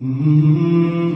Mm-hmm.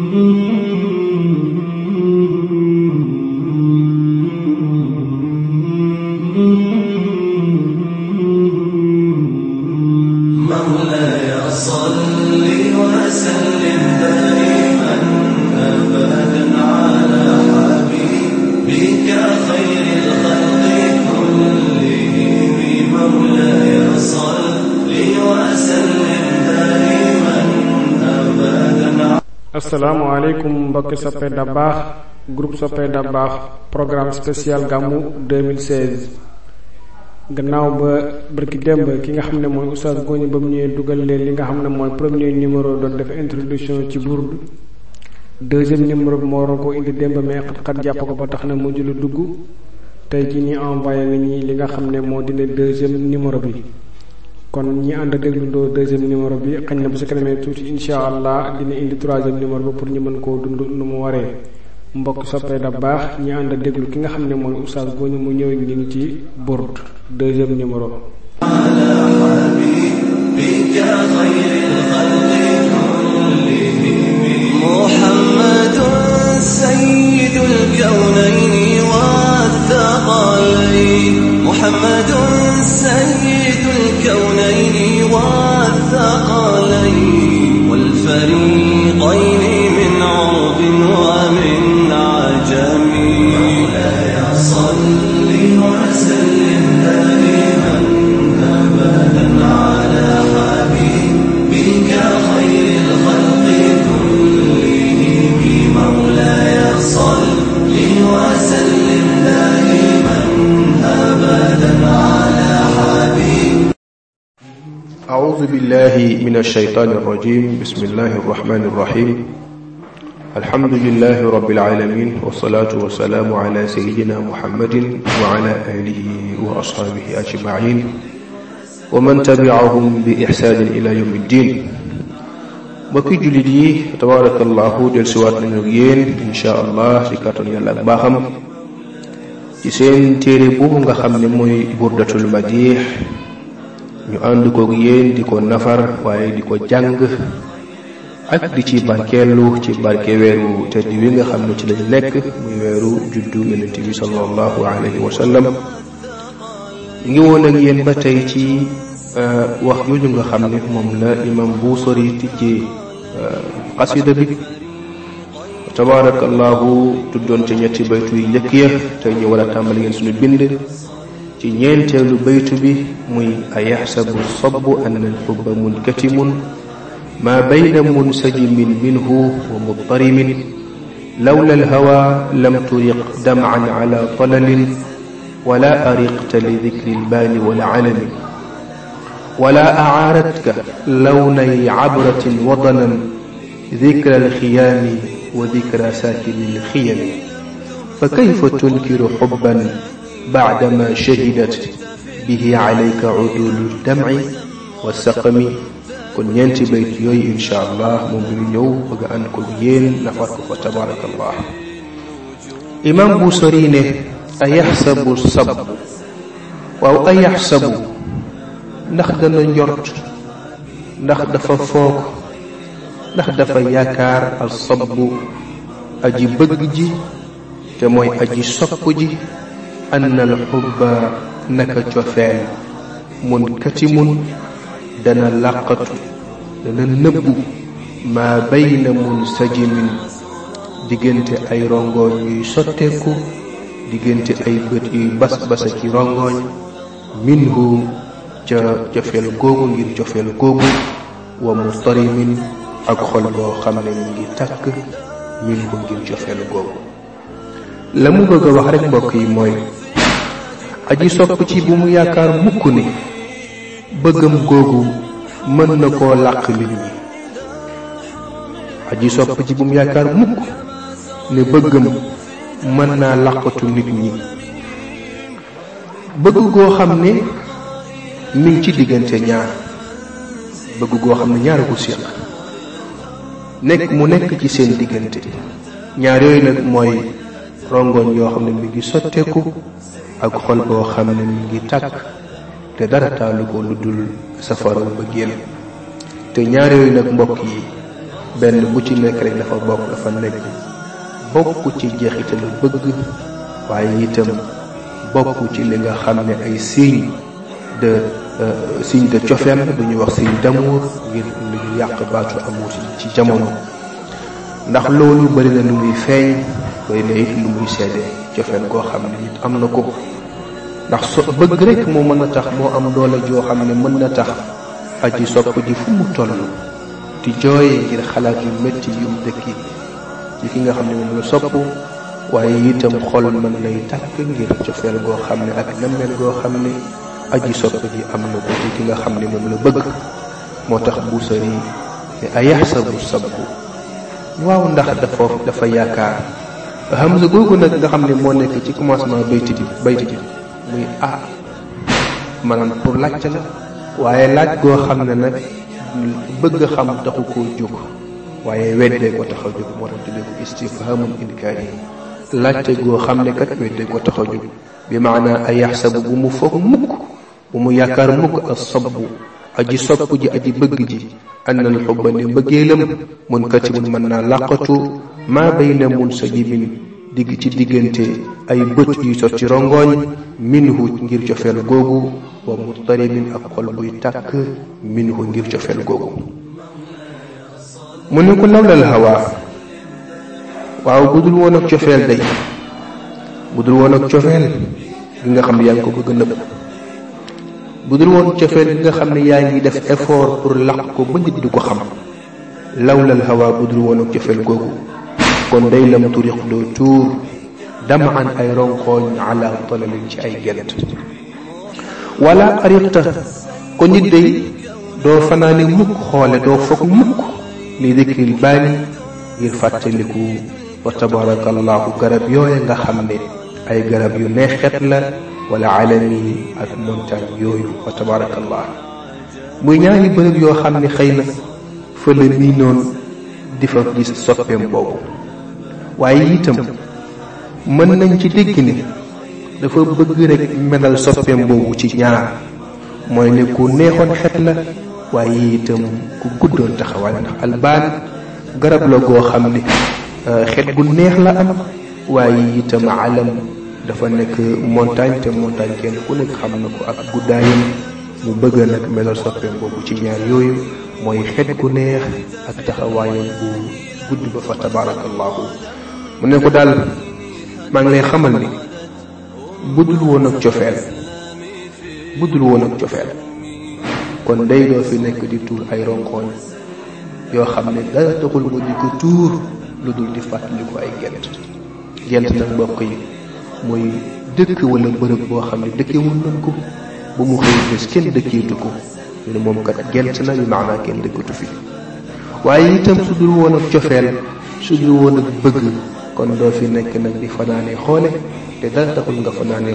asalaamualeykum mbokki soppe da baax groupe soppe da baax programme spécial gàmmu 2016 gannaaw ba bërki démb ki nga xam ne mooy oustaz Gougne ba mu ñëwee dugal leen li nga xam ne mooy premier numéro doon def introduction ci burdu deuxième numéro bi moo waroon koo indi démb mais xat-xat jàpp ko ba tax na mujj lu dugg tey ci ñi envoyé nañu li nga xam ne moo dina deuxième numéro bi kon ñi ànd déglundoo deuxième numéro bi xañ na bu sa kanamee tuuti incha allah dina indi troisième numéro ba pour ñu mën koo dund nu mu waree mbokk soppee da baax ñi ànd déglu ki nga xam ne mooy oustaz boo ñu mu ñëw ñun ci bourde deuxième numéro محمد سيد الكونين الشيطان الرجيم بسم الله الرحمن الرحيم الحمد لله رب العالمين والصلاة والسلام على سيدنا محمد وعلى آله وأصحابه أجمعين ومن تبعهم بإحسان إلى يوم الدين mbokki jullit yi tabarakallahu dellusiwaat nañu ak yéen insha allah ci kàttan yàlla ak baaxam ci seen téere boobu nga xam ne mooy burdatul madix ñu ànd kook yéen di ko nafar waaye di ko jàng ak di ci barkeelu ci barke weeru tedd wi nga xam ne ci lañu nekk muy weeru juddu yonent bi sallallahu alayhi wa sallam ñu ngi woon ak yéen ba tey ci uh, wax yooyu nga xam ne moom la imam Buusiri tijjee xasida uh, bi tabaarakallaahu tuddoon ca ñetti baytu yi njëkk ya tey ñu war tàmbali ngeen suñu bind ci ñeenteelu baytu bi muy ayaxsabu sabu an alxubba munkatimun maa bayna munsajimin minhu wa mudtarimin lawla alhawa lam turiq damcan ala talalin wala ariqta li dikri albaani walaalami wala acaaratka lawnay cabratin wadanan dikra alxiyaami wa dikra saakini alxiyami fa kayfa tunkiru xubban بعدما شهدت به عليك عدول الدمع والسقم kon ñeenti bayt yooyu incha allah moom lu ñëw bëgg an ko yéen nafar ko fa tabarakallah imam bu sori ne ayaxsabu yaakaar al sabu aji bëgg ji te mooy aji sopp ji anna alxubba naka cofeel mun kati mun dana làqatu dana nëbbu maa bayna mun sajimin diggante ay rongoñ yuy sotteeku diggante ay bët yuy bas basa ci rongoñ minhu ca cofeel googu ngir cofeel googu wa mutarimin ak xol boo xam ne mu ngi takk minhu ngir cofeel googu la mu bëgg a wax rek mbokk yi mooy aji sopp ci bu mu yaakaar mukk ni bëggam googu mën na koo làq nit ñi aji ci bu mu yaakaar mukk ne bëggam mën naa làqatu nit ñi bëgg goo xam ne mi ngi ci diggante ñaar bëgg goo xam ne ñaar ko séq nekk mu nekk ci seen diggante ñaar yooyu nag mooy rongoñ yoo xam ne mi ngi sotteeku ak xol boo xam ne mi ngi tàkk te dara taalu ko lu dul safaraw mbëggeel te ñaar yooyu nag mbokk yi benn bu ci nekk rek dafa bokk dafa nekk bokk ci jeexitalu bëgg waaye itam bokku ci li nga xam ne ay signe de euh, signe de cofeel bu ñuy wax signe d'amour ngir lu ñu yàq baatu amour ci jamono ndax loolu bari na lu muy feeñ doy na it lu muy seede cofeel goo xam ne it am na ko ndax so bëgg rek moo mën a tax moo am doole joo xam ne mën na tax aji sopp ji fu mu toll di jooyee ngir xalaat yu métti yu mu dëkki ci ki nga xam ne moom la sopp waaye itam xol mën nay tàkk ngir cofeel goo xam ne ak nammeel goo xam ne aji sopp ji am na ko ci ki nga xam ne moom la bëgg moo tax buusari ne ayaxsabu sabbu waaw ndax dafa dafa yaakaar hamza googu nag nga xam ne moo nekk ci commencement bayti bi bayti bi muy a ah, maanaam pour laajte la waaye laaj goo xam ne nag bëgg xam taxu ko jóg waaye weddee ko tax a jóg moo tax tuddee ko istifhamul inkaari laajte goo xam ne kat weddee ko tax a jóg bi maanaa ay yaxsabu bu mu foog mukk bu mu yaakaar mukk ak sobbu aji sopp ji aji bëgg ji annal xubba ne mbëggeelam mun katibun mën naa làqatu maa bayna mun sa jibin digg ci diggante ay bët yu sot ci rongoñ minhu ngir cofeel googu wa muttaribin ak xol ngir cofeel googu mu ne ko lawlal hawaa waaw bu dul woon ak cofeel day bu dul woon ak cofeel li nga xam ne yaa ngi ko bëgg nëbb bu dul woon cofeel gi nga xam ne yaa ngi def effort pour làq ko ba nit di ko xam lawlal hawa bu dul woon ak cofeel googu kon day lam turiq tuur dama an ay ronkooñ ala talalin ci ay gent wala ariqta ko nit day doo fanaane mukk xoole doo foog mukk li dikril baani ngir fàttaliku wa tabaraka allahu garab yooye nga xam ne ay garab yu neexet la wala alamin ak montagne yooyu fa muy ñaari bërëb yoo xam ne xëy na fële mi noonu di fa gis soppeem boobu waaye itam mën nañ ci dégg ni dafa bëgg rek melal soppeem boobu ci ñaar mooy ne ku neexoon xet la waaye itam ku guddoon taxawaay ndax garab la goo xam ne euh, xet gu neex la am waaye itam alam dafa nekk montagne te montagne kenn ku nekk xam na ko ak guddaayam mu bëgg nag melal soppeem boobu ci ñaar yooyu mooy xet gu neex ak taxawaayam bu gudd ba fa tabarakallahu mu ne ko daal maa ngi lay xamal ni budul woon ak cofeel budul woon ak cofeel kon day doo fi nekk di tuur ay ronkoñ yoo xam ne dara taxul mu di ko tuur lu dul di fàttaliku ay gent gent nag mbokk yi mooy dëkk wala bërëb boo xam ne dëkkeewul nañ ko ba mu xëy bés kenn dëkkeetu ko ñu ne moom kat gent na bi maanaa kenn dëkkatu fi waaye itam su dul woon ak cofeel su bëgg kon doo fi nekk nag di fanaane xoole te dara taxul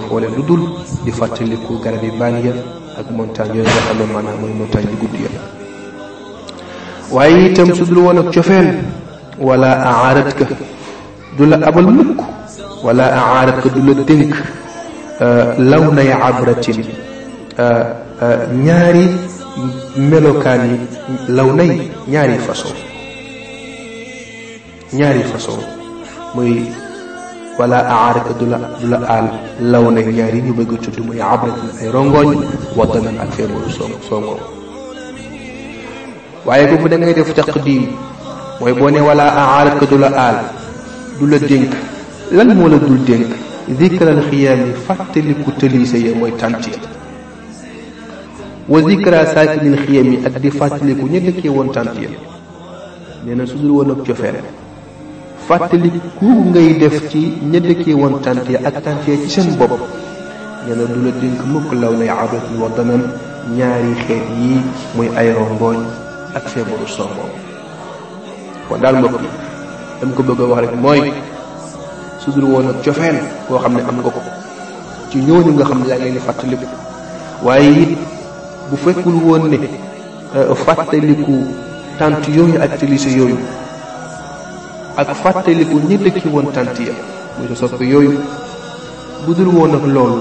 xoole lu dul di fàttaliku garab yi ak montagne yooyu nga xam ne maanaam mooy montagne yu gudd ya itam su dul woon ak cofeel wala aarat ka du la abal mukk wala aaraka du la dénk euh, law nay abratin euh, euh, ñaari melokaan yi law nay ñaari façon ñaari façon muy wala aaraka du la du la aal law nay ñaari ñu bëgg tudd muy abratin ay rongoñ watanan ak feebaru soo soo waaye bu da ngay def taqdim mooy boo ne wala aaraka du la aal du la dénk lan moo la dul dénk zikral xiyaami fàttaliku tëliise ya mooy tànt ya wa zikra saakinil xiyam yi ak di fàttaliku ña woon tànt ya nee na su dul woon cofeel fàttaliku ngay def ci ña dëkkee woon tànt ya ak tànt yi ci seen bopp nee na dénk mukk law nay abati wa danan ñaari xeet yii muy ay rongooñ ak feebaru soo moom kon daal mbokk yi ko bëgg a wax rek mooy su dul woon ak cofeel boo xam ne am nga ko ci ñooñu nga xam ne yaa ngi leen fàttaliku waaye it bu fekkul woon ne euh, fàttaliku tant yooyu ak tilise yooyu ak fàttaliku ñi dëkki woon tant ya muy sa sopp yooyu bu dul woon ak loolu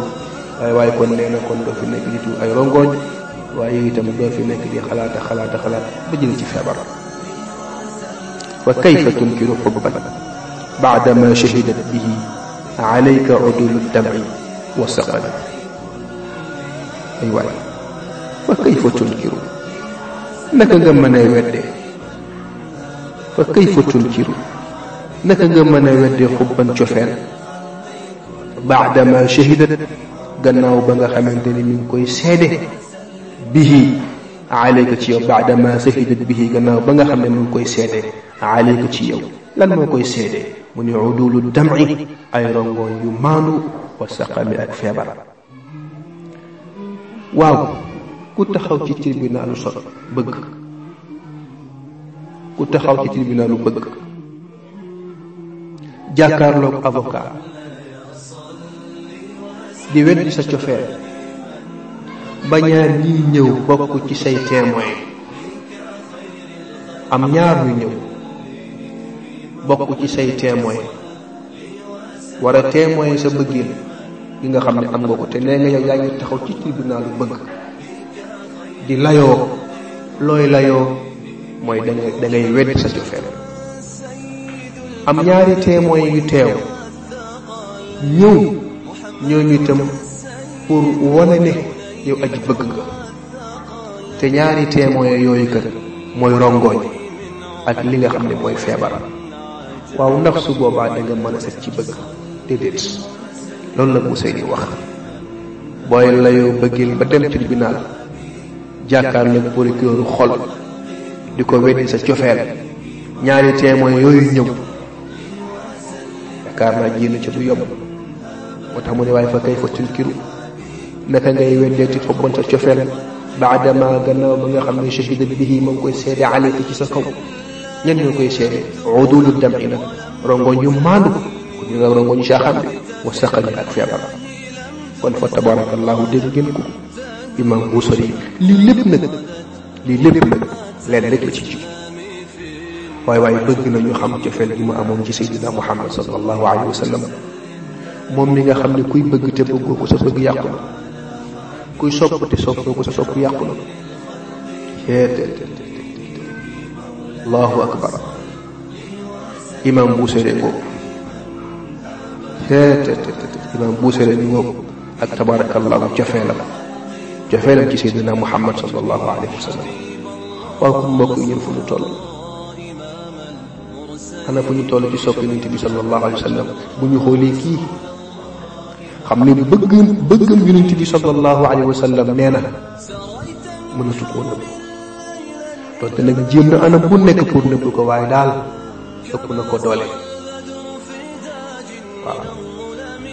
waaye waaye kon nee na kon doo fi nekk di tuur ay rongoñ waaye itam doo fi nekk di xalaata xalaata xalaat ba jël ci feebar fa kayfa tunkiru xubban baax baadama shahidat bihi alayka udulu dami wa saqali ay waay fa kayfa tunkiru naka nga mën a weddee fa kayfa tunkiru naka nga mën a weddee xubban cofeel baadama shahidat gannaaw ba nga xamante ni mu ngi koy seede bihi alayka ci yow baadama shahidat bihi gannaaw ba nga xam ne mi ngi koy seede alayka ci yow lan moo koy seede mu ne udulu dami ay rongoon yu maandu wa saqami ak feebar waaw ku taxaw ci tribunalu so bëgg ku taxaw ci tribunalu bëgg jàkkaarloog avocat di weddi sa cofeel ba ñaar ñiy ñëw bokk ci say témoin am ñaar ñu ñëw bokk ci say témoin war a témoin sa bëggin yi nga xam ne am nga ko te nee nga yow yaa taxaw ci tribunalu bëgg di layoo looy layoo mooy da ngay da ngay wedd sa cofeel am ñaari témoin yu teew ñëw ñooñu pour wane ne yow aji bëgg nga te ñaari témoin yooyu kat mooy rongoñ ak li nga xam ne mooy feebaram waaw ndax su boobaa da nga mën a set ci bëgg déedéet loolu la Moussa di wax booy layoo bëggeel ba dem tribunal jàkkaarloog procureur xol di ko weddi sa cofeel ñaari témoins yooyu ñëw yaakaar naa jéem ci du yomb moo tax mu ne waaye fa kay fa tunkiru naka ngay weddeeti xobban sa cofeel baadama gannaaw ba nga xam ne shahida bihi ma ngi koy seede aleyka ci sa kaw ñen ñoo koy seede udulu dami la kon fa tabarakallahu dégg ngeen ko imam Busiri lii lépp nag lii lépp ci ji waaye waaye bëgg nañu xam cofeel gi mu amoon ci sayyidina Muhammad sallallahu alayhi wa nga xam ne kuy bëgg te bëggoo ko kuy sopp te sopp yàqu allahu akbar imam buusere ngoog imam buusere bi ngoog ak tabarakallahu jofeelam jofeelam ci seydina muhammad sallallahu alayhi wa sallam waaw ku mbokk ñun fu ñu toll xanaa fu ñu toll ci soppi nit bi sallallahu alayhi wa sallam bu ñu xoolee kii xam ne bëgg bëggam yonent bi sallallahu alayhi wa sallam nee na mënatu ko woon donte nag jéem na anam bu nekk pour nëbb ko waaye daal ëpp na ko doole waaw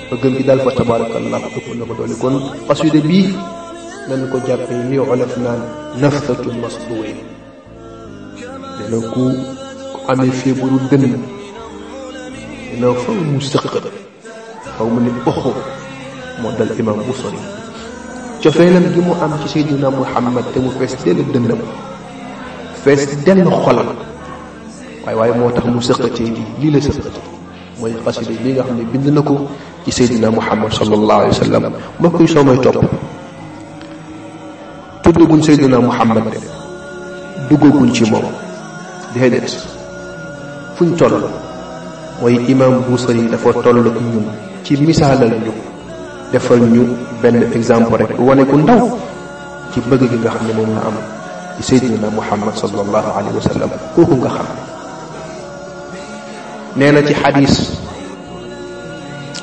bëggam gi daal fa tabarakallah ko doole kon xasida bii nañ ko jàppee li olof naan naftatu masduwe dina ku amee feebaru dënn dina faw mu sëq faw mu ne oxo moo dal imam bu sori cofeelam gi mu am ci seydina muhammad te mu fees dell dënnam fees dell xolam waaye waaye moo tax mu sëqatee lii lii la sëqatee mooy xasida bi nga xam ne bind na ko ci Seydina Muhammad sallallahu alayhi wa sallam mbokk yi soo may topp tuddaguñ Seydina Muhammad de duggaguñ ci moom déedéet fuñ toll mooy imam Buusari dafa toll ak ñun ci misaalal ñu defal ñu benn exemple rek wane ku ndaw ci bëgg gi nga xam ne moom la am seydina muhammad sallallahu alayhi wa sallam kooku nga xam nee na ci xadis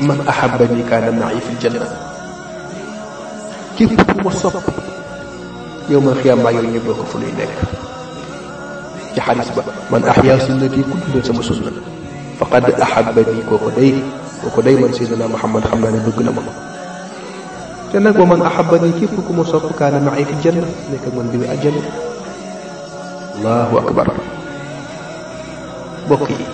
man ahabbani kaana ma'i fi janna képp ku ma sopp yow ma xiyaam maa yooyu ñu bokk fu nuy nekk ci xadis ba man ahyaa sunnati ku dundal sama sunna faqad ahabbani kooku day kooku day man seydina muhammad xam naa ne bëgg na ma te nag wa man ahabbani képp ku ma sopp kaana ma'i fi janna nekk man bi mu aljanna allahu akbar bokk yi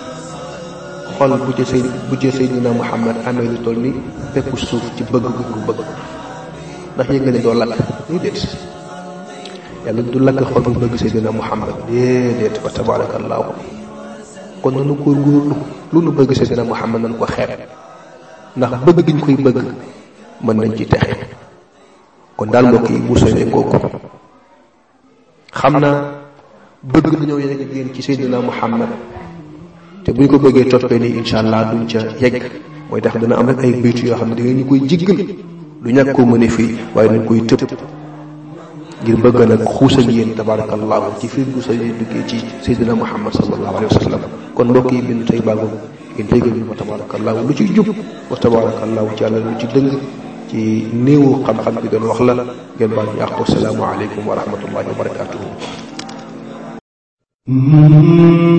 xol bu ca sëy bu ca Seydina Muhammad amee lu toll ni fekku suuf ci bëgg gu bëgg ndax yëg nga ne doo lakk lu déet yàlla du lakk xol bu bëgg Seydina Muhammad déedéet fa tabarakallahu kon nanu góorgóorlu lu nu bëgg Seydina Muhammad nan ko xeeb ndax bëgg gi ñu koy bëgg mën nañ ci texe kon daal mbokk yi bu soñee kooku xam naa bëgg ñëw yegg ak yéen ci Seydina Muhammad te bu ñu ko bëggee toppee nii incha allah duñ ca yegg mooy tax dana am rek ay baytu yoo xam ne da ngeen ñu koy jiggal du ñàkk koo mëne fii waaye dañ koy tëb ngir bëgg nag xuus ak yéen tabarakallahu ci fiir gu sa yéen duggee ci Seydina Muhammad sallallahu alayhi wa sallam kon mbokk yi bind tey baago yéen déggal ñu ko tabarakallahu lu ci jub wa tabarakallahu ci àlla lu ci dëng ci néewu xam-xam bi doon wax la ngeen baal ñu àq salaamu aleykum wa rahmatullahi wa barakatuhu Mm-hmm.